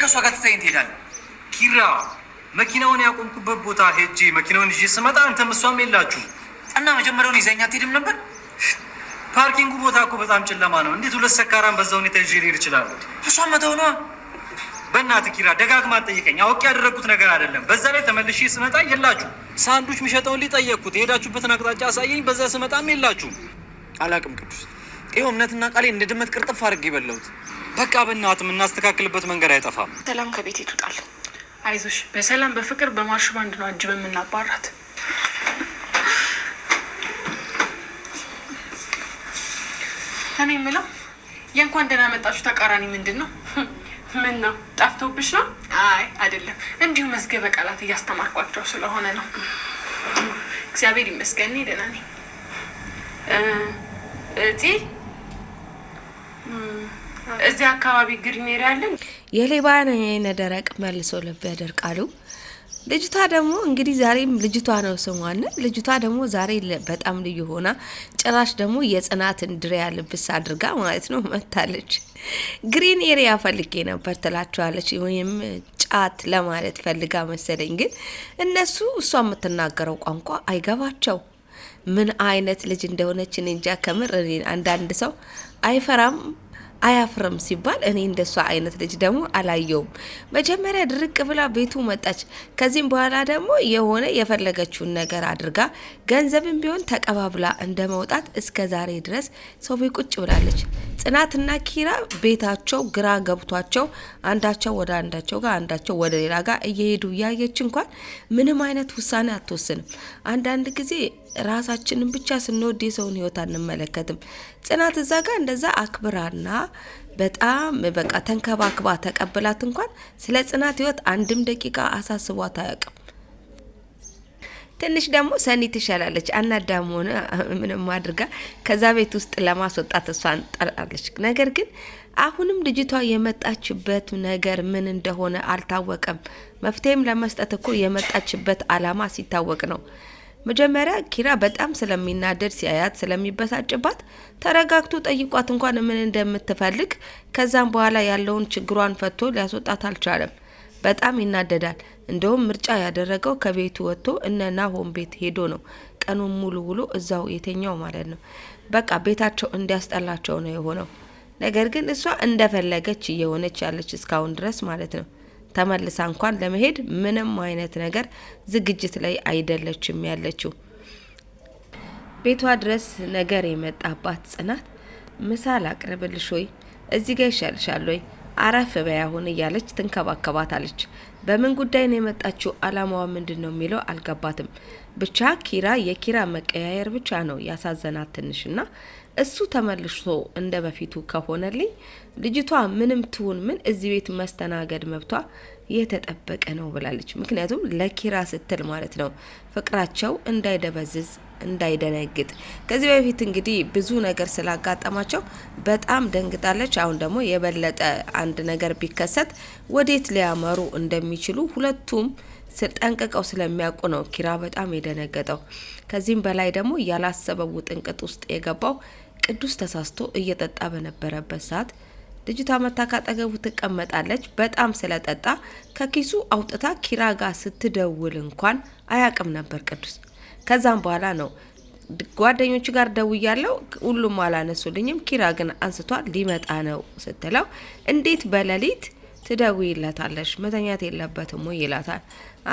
ከእሷ ጋር ትታይን ትሄዳለ ኪራ መኪናውን ያቆምኩበት ቦታ ሄጄ መኪናውን ይዤ ስመጣ አንተም እሷም የላችሁ እና መጀመሪያውን ይዘኛ አትሄድም ነበር። ፓርኪንጉ ቦታ እኮ በጣም ጨለማ ነው። እንዴት ሁለት ሰካራን በዛ ሁኔታ ይዤ ልሄድ ይችላሉ? እሷ መተው ነዋ። በእናትህ ኪራ ደጋግማ ጠይቀኝ። አውቄ ያደረግኩት ነገር አይደለም። በዛ ላይ ተመልሼ ስመጣ የላችሁ። ሳንዱች የሚሸጠውን ልጠየቅኩት፣ የሄዳችሁበትን አቅጣጫ አሳየኝ። በዛ ስመጣም የላችሁም። አላቅም ቅዱስ ይኸው እምነትና ቃሌ እንደ ድመት ቅርጥፍ አድርጌ የበላሁት። በቃ በእናት የምናስተካክልበት መንገድ አይጠፋም። ሰላም ከቤት ይጡጣል። አይዞሽ፣ በሰላም በፍቅር በማርሽ ባንድ ነው አጅብ የምናባራት። እኔ የምለው የእንኳን ደህና መጣችሁ ተቃራኒ ምንድን ነው? ምን ነው ጠፍቶብሽ ነው? አይ አይደለም፣ እንዲሁ መዝገበ ቃላት እያስተማርኳቸው ስለሆነ ነው። እግዚአብሔር ይመስገን ደህና ነኝ። እዚህ እዚህ አካባቢ ግድሜር ያለን የሌባን አይነ ደረቅ መልሶ ልብ ያደርቃሉ። ልጅቷ ደግሞ እንግዲህ ዛሬም ልጅቷ ነው ስሟን። ልጅቷ ደግሞ ዛሬ በጣም ልዩ ሆና ጭራሽ ደግሞ የጽናትን ድሪያ ልብስ አድርጋ ማለት ነው መታለች። ግሪን ኤሪያ ፈልጌ ነበር ትላችኋለች ወይም ጫት ለማለት ፈልጋ መሰለኝ። ግን እነሱ እሷ የምትናገረው ቋንቋ አይገባቸው። ምን አይነት ልጅ እንደሆነች እኔ እንጃ። ከምር አንዳንድ ሰው አይፈራም አያፍርም ሲባል እኔ እንደሷ አይነት ልጅ ደግሞ አላየውም። መጀመሪያ ድርቅ ብላ ቤቱ መጣች። ከዚህም በኋላ ደግሞ የሆነ የፈለገችውን ነገር አድርጋ ገንዘብም ቢሆን ተቀባብላ እንደ መውጣት እስከ ዛሬ ድረስ ሰው ቤት ቁጭ ብላለች። ጽናትና ኪራ ቤታቸው ግራ ገብቷቸው አንዳቸው ወደ አንዳቸው ጋር አንዳቸው ወደ ሌላ ጋር እየሄዱ እያየች እንኳን ምንም አይነት ውሳኔ አትወስንም። አንዳንድ ጊዜ ራሳችንን ብቻ ስንወድ የሰውን ህይወት አንመለከትም። ጽናት እዛ ጋር እንደዛ አክብራና በጣም በቃ ተንከባክባ ተቀብላት እንኳን ስለ ጽናት ህይወት አንድም ደቂቃ አሳስቧት አያውቅም። ትንሽ ደግሞ ሰኒ ትሻላለች። አናዳም ሆነ ምንም አድርጋ ከዛ ቤት ውስጥ ለማስወጣት እሷ አንጠራለች። ነገር ግን አሁንም ልጅቷ የመጣችበት ነገር ምን እንደሆነ አልታወቀም። መፍትሄም ለመስጠት እኮ የመጣችበት አላማ ሲታወቅ ነው። መጀመሪያ ኪራ በጣም ስለሚናደድ ሲያያት ስለሚበሳጭባት ተረጋግቶ ጠይቋት እንኳን ምን እንደምትፈልግ ከዛም በኋላ ያለውን ችግሯን ፈቶ ሊያስወጣት አልቻለም። በጣም ይናደዳል። እንደውም ምርጫ ያደረገው ከቤቱ ወጥቶ እነ ናሆም ቤት ሄዶ ነው። ቀኑን ሙሉ ውሎ እዛው የተኛው ማለት ነው። በቃ ቤታቸው እንዲያስጠላቸው ነው የሆነው። ነገር ግን እሷ እንደፈለገች እየሆነች ያለች እስካሁን ድረስ ማለት ነው። ተመልሳ እንኳን ለመሄድ ምንም አይነት ነገር ዝግጅት ላይ አይደለችም ያለችው። ቤቷ ድረስ ነገር የመጣባት ጽናት ምሳ ላቅርብልሽ ወይ? እዚህ ጋ ይሻልሻል ወይ? አረፍ በይ እያለች ትንከባከባታለች። በምን ጉዳይ ነው የመጣችው? አላማዋ ምንድን ነው የሚለው አልገባትም። ብቻ ኪራ የኪራ መቀያየር ብቻ ነው ያሳዘናት ና እሱ ተመልሶ እንደ በፊቱ ከሆነልኝ ልጅቷ ምንም ትሁን ምን እዚህ ቤት መስተናገድ መብቷ የተጠበቀ ነው ብላለች። ምክንያቱም ለኪራ ስትል ማለት ነው ፍቅራቸው እንዳይደበዝዝ እንዳይደነግጥ። ከዚህ በፊት እንግዲህ ብዙ ነገር ስላጋጠማቸው በጣም ደንግጣለች። አሁን ደግሞ የበለጠ አንድ ነገር ቢከሰት ወዴት ሊያመሩ እንደሚችሉ ሁለቱም ጠንቅቀው ስለሚያውቁ ነው ኪራ በጣም የደነገጠው። ከዚህም በላይ ደግሞ ያላሰበው ጥንቅጥ ውስጥ የገባው ቅዱስ ተሳስቶ እየጠጣ በነበረበት ሰዓት ልጅቷ መታ ካጠገቡ ትቀመጣለች። በጣም ስለጠጣ ከኪሱ አውጥታ ኪራ ጋር ስትደውል እንኳን አያውቅም ነበር ቅዱስ ከዛም በኋላ ነው ጓደኞቹ ጋር ደውያለው፣ ሁሉም አላነሱልኝም። ኪራ ግን አንስቷል ሊመጣ ነው ስትለው እንዴት በሌሊት ትደውይለታለሽ? መተኛት የለበትም ወይ ይላታል።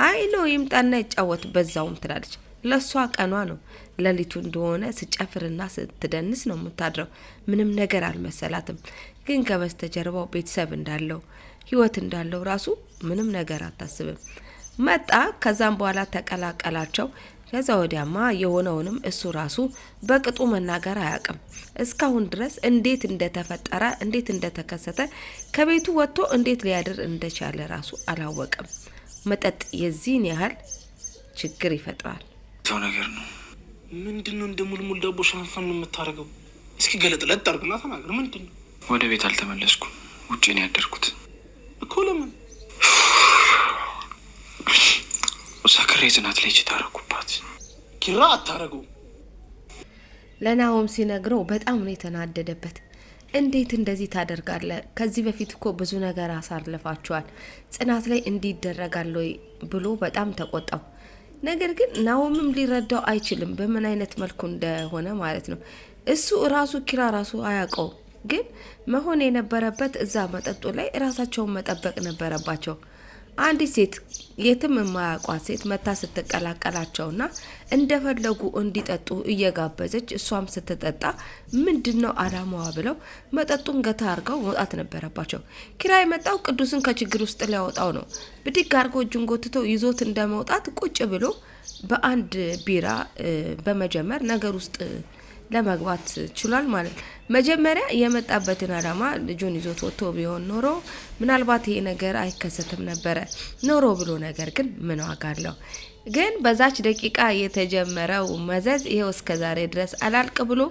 አይ ነው ይምጣና ይጫወት በዛውም ትላለች። ለእሷ ቀኗ ነው። ሌሊቱ እንደሆነ ስጨፍርና ስትደንስ ነው የምታድረው። ምንም ነገር አልመሰላትም። ግን ከበስተጀርባው ቤተሰብ እንዳለው ህይወት እንዳለው ራሱ ምንም ነገር አታስብም። መጣ። ከዛም በኋላ ተቀላቀላቸው። ከዛ ወዲያማ የሆነውንም እሱ ራሱ በቅጡ መናገር አያውቅም። እስካሁን ድረስ እንዴት እንደተፈጠረ እንዴት እንደተከሰተ ከቤቱ ወጥቶ እንዴት ሊያድር እንደቻለ ራሱ አላወቅም። መጠጥ የዚህን ያህል ችግር ይፈጥራል። ሰው ነገር ነው። ምንድን ነው እንደ ሙልሙል ዳቦ ሻንፈን የምታደርገው? እስኪ ገለጥለጥ አድርግና ተናገር። ምንድን ነው? ወደ ቤት አልተመለስኩም። ውጭ ነው ያደርኩት እኮ። ለምን ሰክሬ ጽናት ታረጉባት ኪራ አታረጉ ለናሆም ሲነግረው በጣም ነው የተናደደበት። እንዴት እንደዚህ ታደርጋለ ከዚህ በፊት እኮ ብዙ ነገር አሳልፋችኋል። ጽናት ላይ እንዲህ ወይ ብሎ በጣም ተቆጣው። ነገር ግን ናሆምም ሊረዳው አይችልም፣ በምን አይነት መልኩ እንደሆነ ማለት ነው። እሱ ራሱ ኪራ ራሱ አያውቀውም። ግን መሆን የነበረበት እዛ መጠጡ ላይ ራሳቸውን መጠበቅ ነበረባቸው። አንዲት ሴት የትም የማያውቋት ሴት መታ ስትቀላቀላቸውና እንደፈለጉ እንዲጠጡ እየጋበዘች እሷም ስትጠጣ ምንድን ነው አላማዋ ብለው መጠጡን ገታ አርገው መውጣት ነበረባቸው። ኪራ የመጣው ቅዱስን ከችግር ውስጥ ሊያወጣው ነው። ብድግ አርጎ እጁን ጎትቶ ይዞት እንደመውጣት ቁጭ ብሎ በአንድ ቢራ በመጀመር ነገር ውስጥ ለመግባት ችሏል ማለት ነው። መጀመሪያ የመጣበትን አላማ ልጁን ይዞት ወጥቶ ቢሆን ኖሮ ምናልባት ይሄ ነገር አይከሰትም ነበረ። ኖሮ ብሎ ነገር ግን ምን ዋጋ አለው? ግን በዛች ደቂቃ የተጀመረው መዘዝ ይሄው እስከ ዛሬ ድረስ አላልቅ ብሎ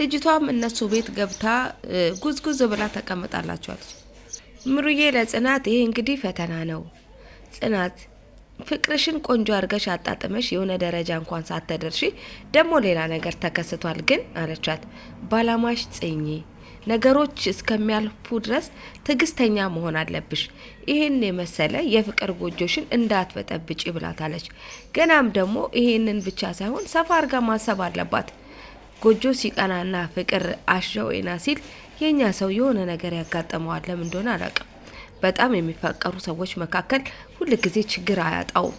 ልጅቷም እነሱ ቤት ገብታ ጉዝጉዝ ብላ ተቀምጣላቸዋለች። ምሩዬ ለጽናት ይሄ እንግዲህ ፈተና ነው ጽናት ፍቅርሽን ቆንጆ አድርገሽ አጣጥመሽ የሆነ ደረጃ እንኳን ሳትደርሺ ደግሞ ሌላ ነገር ተከስቷል ግን አለቻት። ባላማሽ ጽኚ ነገሮች እስከሚያልፉ ድረስ ትዕግስተኛ መሆን አለብሽ። ይህን የመሰለ የፍቅር ጎጆሽን እንዳትበጠብጪ ብላታለች። ገናም ደግሞ ይህንን ብቻ ሳይሆን ሰፋ አርጋ ማሰብ አለባት። ጎጆ ሲቀናና ፍቅር አሸወና ሲል የእኛ ሰው የሆነ ነገር ያጋጠመዋል። ለምን እንደሆነ አላውቅም። በጣም የሚፈቀሩ ሰዎች መካከል ጊዜ ችግር አያጣውም።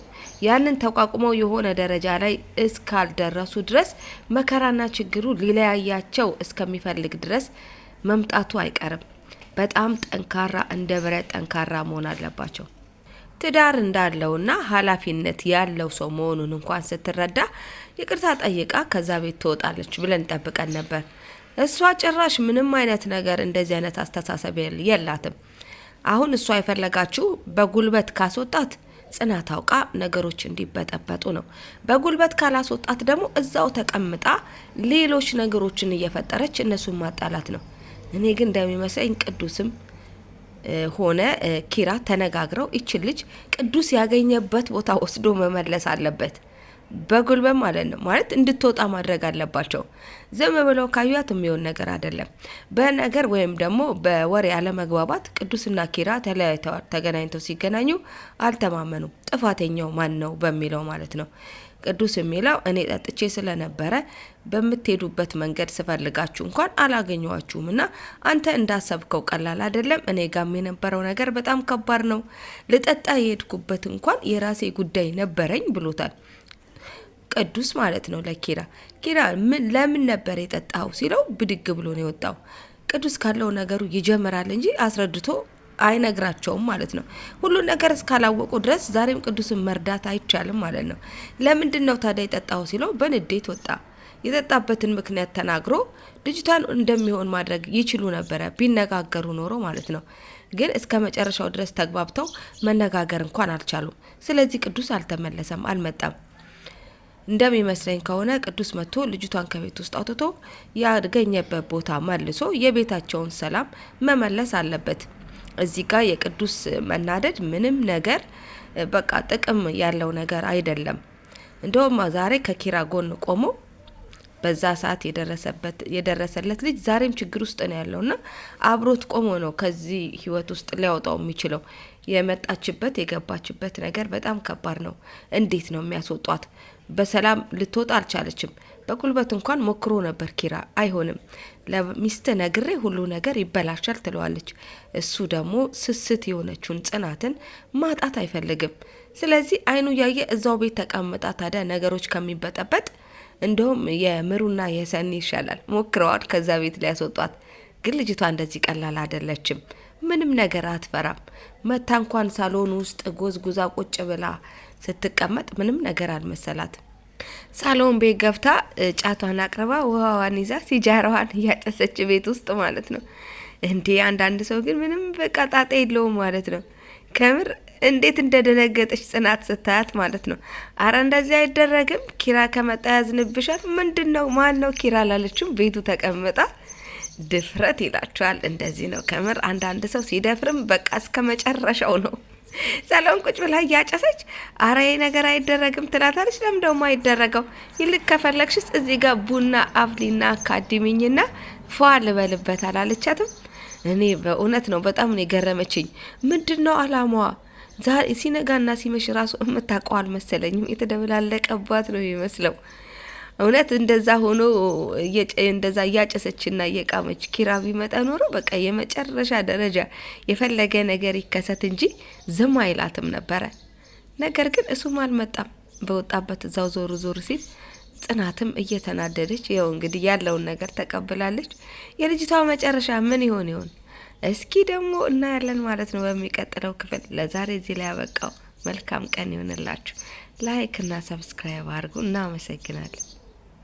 ያንን ተቋቁመው የሆነ ደረጃ ላይ እስካልደረሱ ድረስ መከራና ችግሩ ሊለያያቸው እስከሚፈልግ ድረስ መምጣቱ አይቀርም። በጣም ጠንካራ እንደ ብረት ጠንካራ መሆን አለባቸው። ትዳር እንዳለውና ኃላፊነት ያለው ሰው መሆኑን እንኳን ስትረዳ ይቅርታ ጠይቃ ከዛ ቤት ትወጣለች ብለን ጠብቀን ነበር። እሷ ጭራሽ ምንም አይነት ነገር እንደዚህ አይነት አስተሳሰብ የላትም። አሁን እሷ የፈለጋችሁ በጉልበት ካስወጣት ጽናት አውቃ ነገሮች እንዲበጠበጡ ነው። በጉልበት ካላስወጣት ደግሞ እዛው ተቀምጣ ሌሎች ነገሮችን እየፈጠረች እነሱን ማጣላት ነው። እኔ ግን እንደሚመስለኝ ቅዱስም ሆነ ኪራ ተነጋግረው ይችን ልጅ ቅዱስ ያገኘበት ቦታ ወስዶ መመለስ አለበት። በጉልበት ማለት ነው ማለት እንድትወጣ ማድረግ አለባቸው። ዝም ብለው ካዩት የሚሆን ነገር አይደለም። በነገር ወይም ደግሞ በወሬ አለመግባባት ቅዱስና ኪራ ተለያይተዋል። ተገናኝተው ሲገናኙ አልተማመኑም። ጥፋተኛው ማን ነው በሚለው ማለት ነው። ቅዱስ የሚለው እኔ ጠጥቼ ስለነበረ በምትሄዱበት መንገድ ስፈልጋችሁ እንኳን አላገኘኋችሁም እና አንተ እንዳሰብከው ቀላል አይደለም። እኔ ጋም የነበረው ነገር በጣም ከባድ ነው። ልጠጣ የሄድኩበት እንኳን የራሴ ጉዳይ ነበረኝ ብሎታል። ቅዱስ ማለት ነው ለኪራ። ኪራ ለምን ነበር የጠጣው ሲለው ብድግ ብሎ ነው የወጣው። ቅዱስ ካለው ነገሩ ይጀምራል እንጂ አስረድቶ አይነግራቸውም ማለት ነው። ሁሉን ነገር እስካላወቁ ድረስ ዛሬም ቅዱስን መርዳት አይቻልም ማለት ነው። ለምንድን ነው ታዲያ የጠጣው ሲለው በንዴት ወጣ። የጠጣበትን ምክንያት ተናግሮ ልጅቷን እንደሚሆን ማድረግ ይችሉ ነበረ ቢነጋገሩ ኖሮ ማለት ነው። ግን እስከ መጨረሻው ድረስ ተግባብተው መነጋገር እንኳን አልቻሉም። ስለዚህ ቅዱስ አልተመለሰም፣ አልመጣም። እንደሚመስለኝ ከሆነ ቅዱስ መጥቶ ልጅቷን ከቤት ውስጥ አውጥቶ ያገኘበት ቦታ መልሶ የቤታቸውን ሰላም መመለስ አለበት። እዚህ ጋር የቅዱስ መናደድ ምንም ነገር በቃ ጥቅም ያለው ነገር አይደለም። እንደውም ዛሬ ከኪራ ጎን ቆሞ በዛ ሰዓት የደረሰበት የደረሰለት ልጅ ዛሬም ችግር ውስጥ ነው ያለውና አብሮት ቆሞ ነው ከዚህ ህይወት ውስጥ ሊያወጣው የሚችለው። የመጣችበት የገባችበት ነገር በጣም ከባድ ነው። እንዴት ነው የሚያስወጧት? በሰላም ልትወጣ አልቻለችም። በጉልበት እንኳን ሞክሮ ነበር ኪራ። አይሆንም፣ ለሚስት ነግሬ ሁሉ ነገር ይበላሻል ትለዋለች። እሱ ደግሞ ስስት የሆነችውን ጽናትን ማጣት አይፈልግም። ስለዚህ አይኑ እያየ እዛው ቤት ተቀምጣ ታዲያ ነገሮች ከሚበጠበጥ እንደውም የምሩና የሰኒ ይሻላል። ሞክረዋል ከዛ ቤት ሊያስወጧት፣ ግን ልጅቷ እንደዚህ ቀላል አይደለችም። ምንም ነገር አትፈራም። መታ እንኳን ሳሎን ውስጥ ጎዝጉዛ ቁጭ ብላ ስትቀመጥ ምንም ነገር አልመሰላት ሳሎን ቤት ገብታ ጫቷን አቅርባ ውሃዋን ይዛ ሲጃራዋን እያጨሰች ቤት ውስጥ ማለት ነው። እንዲህ አንዳንድ ሰው ግን ምንም በቃ ጣጣ የለውም ማለት ነው። ከምር እንዴት እንደደነገጠች ጽናት ስታያት ማለት ነው። አረ እንደዚህ አይደረግም፣ ኪራ ከመጣ ያዝንብሻል። ምንድን ነው ማን ነው ኪራ ላለችም ቤቱ ተቀምጣ ድፍረት ይላችኋል። እንደዚህ ነው ከምር። አንዳንድ ሰው ሲደፍርም በቃ እስከ መጨረሻው ነው። ሰሎን ቁጭ ብላ እያጨሰች አረ ነገር አይደረግም ትላታለች። ለምን ደግሞ አይደረገው? ይልቅ ከፈለግሽስ እዚህ ጋር ቡና አፍሊና አካዲሚኝና ፏ ልበልበት አላለቻትም? እኔ በእውነት ነው በጣም ነው የገረመችኝ። ምንድን ነው አላማዋ? ሲነጋና ሲመሽ ራሱ የምታውቀው አልመሰለኝም። የተደበላለቀባት ነው የሚመስለው። እውነት እንደዛ ሆኖ እንደዛ እያጨሰችና እየቃመች ኪራ ቢመጣ ኖሮ በቃ የመጨረሻ ደረጃ የፈለገ ነገር ይከሰት እንጂ ዝም አይላትም ነበረ። ነገር ግን እሱም አልመጣም። በወጣበት እዛው ዞር ዞር ሲል ጽናትም እየተናደደች ያው እንግዲህ ያለውን ነገር ተቀብላለች። የልጅቷ መጨረሻ ምን ይሆን ይሆን? እስኪ ደግሞ እናያለን ማለት ነው በሚቀጥለው ክፍል። ለዛሬ እዚህ ላይ ያበቃው። መልካም ቀን ይሆንላችሁ። ላይክ እና ሰብስክራይብ አድርጉ። እናመሰግናለን።